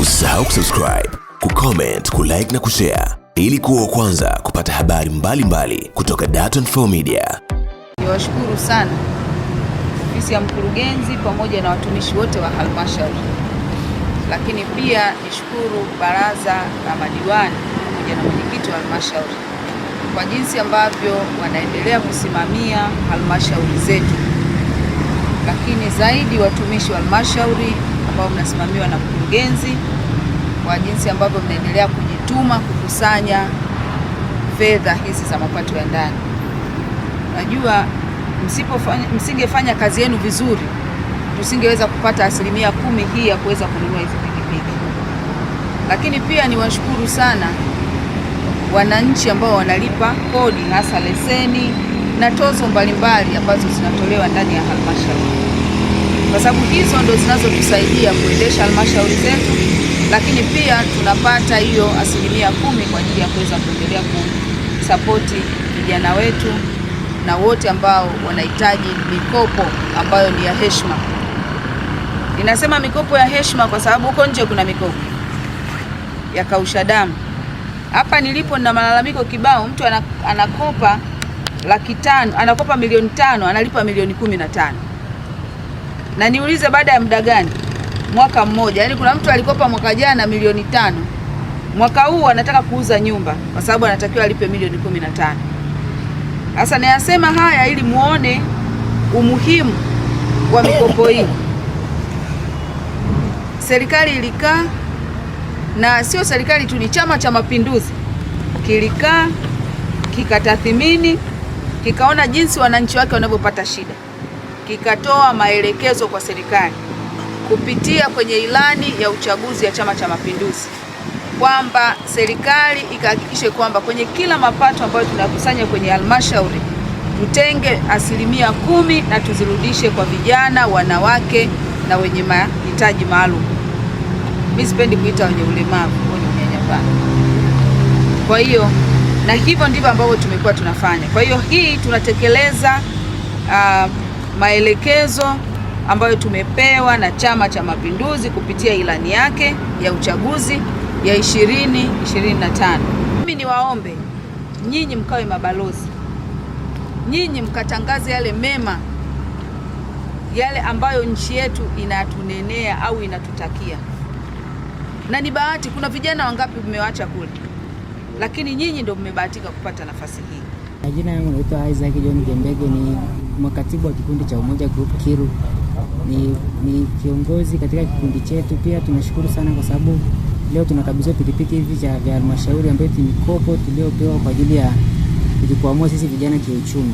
Usisahau kusubscribe, kucomment, kulike na kushare ili kuwa kwanza kupata habari mbalimbali mbali kutoka Dar24 Media. Niwashukuru sana ofisi ya mkurugenzi pamoja na watumishi wote wa halmashauri, lakini pia nishukuru baraza la madiwani pamoja na mwenyekiti wa halmashauri kwa jinsi ambavyo wanaendelea kusimamia halmashauri zetu, lakini zaidi watumishi wa halmashauri ambao mnasimamiwa na mkurugenzi kwa jinsi ambavyo mnaendelea kujituma kukusanya fedha hizi za mapato ya ndani. Najua msipofanya, msingefanya kazi yenu vizuri, tusingeweza kupata asilimia kumi hii ya kuweza kununua hizi pikipiki. Lakini pia niwashukuru sana wananchi ambao wanalipa kodi hasa leseni na tozo mbalimbali ambazo zinatolewa ndani ya halmashauri kwa sababu hizo ndo zinazotusaidia kuendesha halmashauri zetu, lakini pia tunapata hiyo asilimia kumi kwa ajili ya kuweza kuendelea kusapoti vijana wetu na wote ambao wanahitaji mikopo ambayo ni ya heshima. Ninasema mikopo ya heshima kwa sababu huko nje kuna mikopo ya kausha damu. Hapa nilipo na malalamiko kibao, mtu anakopa laki tano, anakopa milioni tano, analipa milioni kumi na tano na niulize baada ya muda gani? Mwaka mmoja. Yaani kuna mtu alikopa mwaka jana milioni tano, mwaka huu anataka kuuza nyumba kwa sababu anatakiwa alipe milioni kumi na tano. Sasa nayasema haya ili muone umuhimu wa mikopo hii. Serikali ilikaa na sio serikali tu, ni Chama cha Mapinduzi kilikaa kikatathimini, kikaona jinsi wananchi wake wanavyopata shida kikatoa maelekezo kwa serikali kupitia kwenye ilani ya uchaguzi ya Chama cha Mapinduzi kwamba serikali ikahakikishe kwamba kwenye kila mapato ambayo tunakusanya kwenye halmashauri tutenge asilimia kumi na tuzirudishe kwa vijana, wanawake na wenye mahitaji maalum. Mimi sipendi kuita wenye ulemavu, wenye unyanyapaa. Kwa hiyo na hivyo ndivyo ambavyo tumekuwa tunafanya. Kwa hiyo hii tunatekeleza uh, maelekezo ambayo tumepewa na Chama cha Mapinduzi kupitia ilani yake ya uchaguzi ya 2025. Mimi niwaombe nyinyi mkawe mabalozi, nyinyi mkatangaze yale mema, yale ambayo nchi yetu inatunenea au inatutakia. Na ni bahati, kuna vijana wangapi mmewaacha kule, lakini nyinyi ndio mmebahatika kupata nafasi hii. Majina yangu naitwa Isaac John Gembege ni mwakatibu wa kikundi cha Umoja Group Kiru ni, ni kiongozi katika kikundi chetu. Pia tunashukuru sana kwa sababu leo tunakabidhiwa pikipiki hivi vya halmashauri ambayo ni mikopo tuliopewa kwa ajili ya kujikwamua sisi vijana kiuchumi.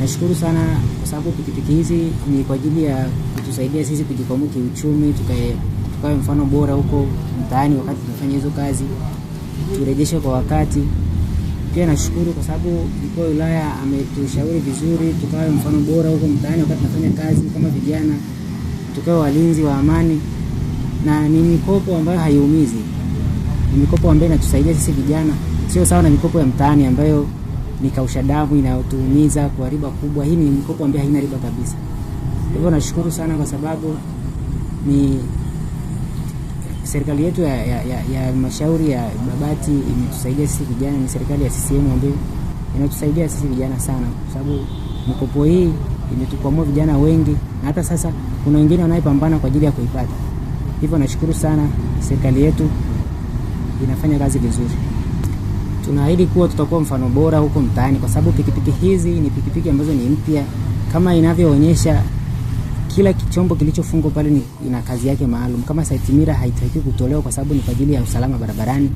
Nashukuru sana kwa sababu pikipiki hizi ni kwa ajili ya kutusaidia sisi kujikwamua kiuchumi, tukae tukawe mfano bora huko mtaani wakati tunafanya hizo kazi, turejeshe kwa wakati. Pia nashukuru kwa sababu mkuu wa wilaya ametushauri vizuri, tukawe mfano bora huko mtaani wakati tunafanya kazi kama vijana, tukawe walinzi wa amani, na ni mikopo ambayo haiumizi, ni mikopo ambayo inatusaidia sisi vijana, sio sawa na mikopo ya mtaani ambayo ni kausha damu inayotuumiza kwa riba kubwa. Hii ni mikopo ambayo haina riba kabisa. Hivyo nashukuru sana kwa sababu ni serikali yetu ya halmashauri ya, ya, ya Babati imetusaidia sisi vijana, ni serikali ya CCM ambayo inatusaidia sisi vijana sana, kwa sababu mikopo hii imetukwamua vijana wengi, na hata sasa kuna wengine wanaipambana kwa ajili ya kuipata. Hivyo nashukuru sana serikali yetu inafanya kazi vizuri. Tunaahidi kuwa tutakuwa mfano bora huko mtaani, kwa sababu pikipiki hizi ni pikipiki ambazo ni mpya kama inavyoonyesha kila kichombo kilichofungwa pale ni ina kazi yake maalum. Kama site mirror haitaki kutolewa kwa sababu ni kwa ajili ya usalama barabarani,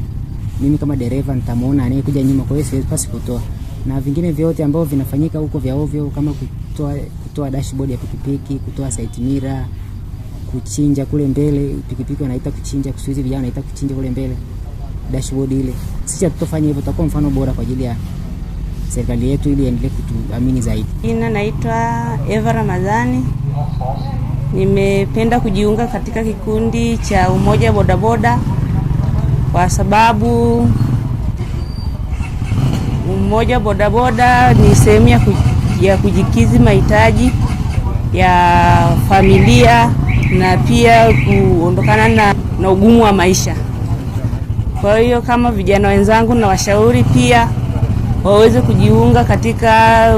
mimi kama dereva nitamuona anayekuja nyuma, kwa hiyo siwezi pasi kutoa. Na vingine vyote ambavyo vinafanyika huko vya ovyo kama kutoa kutoa dashboard ya pikipiki, kutoa site mirror, kuchinja kule mbele, pikipiki wanaita kuchinja, kusuizi vijana wanaita kuchinja kule mbele dashboard ile. Sisi hatutofanya hivyo, tutakuwa mfano bora kwa ajili ya serikali yetu ili endelee kutuamini zaidi. Jina naitwa Eva Ramadhani. Nimependa kujiunga katika kikundi cha umoja bodaboda kwa sababu umoja bodaboda ni sehemu ya, ya kujikizi mahitaji ya familia na pia kuondokana na, na ugumu wa maisha. Kwa hiyo kama vijana wenzangu na washauri pia waweze kujiunga katika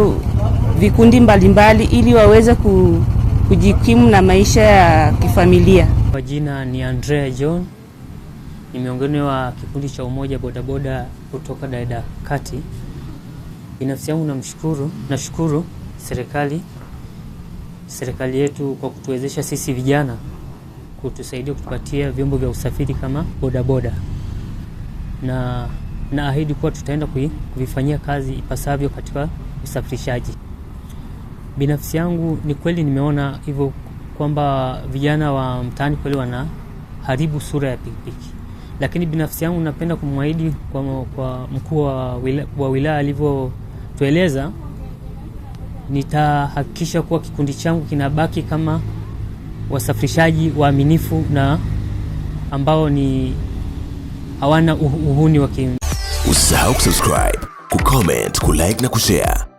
vikundi mbalimbali ili waweze ku kujikimu na maisha ya kifamilia. Kwa jina ni Andrea John, ni miongoni wa kikundi cha umoja bodaboda kutoka Daida Kati. Binafsi yangu namshukuru, nashukuru serikali serikali yetu kwa kutuwezesha sisi vijana kutusaidia kutupatia vyombo vya usafiri kama bodaboda na naahidi kuwa tutaenda kuvifanyia kazi ipasavyo katika usafirishaji binafsi yangu ni kweli nimeona hivyo kwamba vijana wa mtaani kweli wana haribu sura ya pikipiki, lakini binafsi yangu napenda kumwahidi kwa, kwa mkuu wa wilaya, wilaya alivyotueleza, nitahakikisha kuwa kikundi changu kinabaki kama wasafirishaji waaminifu na ambao ni hawana uhuni wa kiusahau kusubscribe, kucomment, kulike na kushare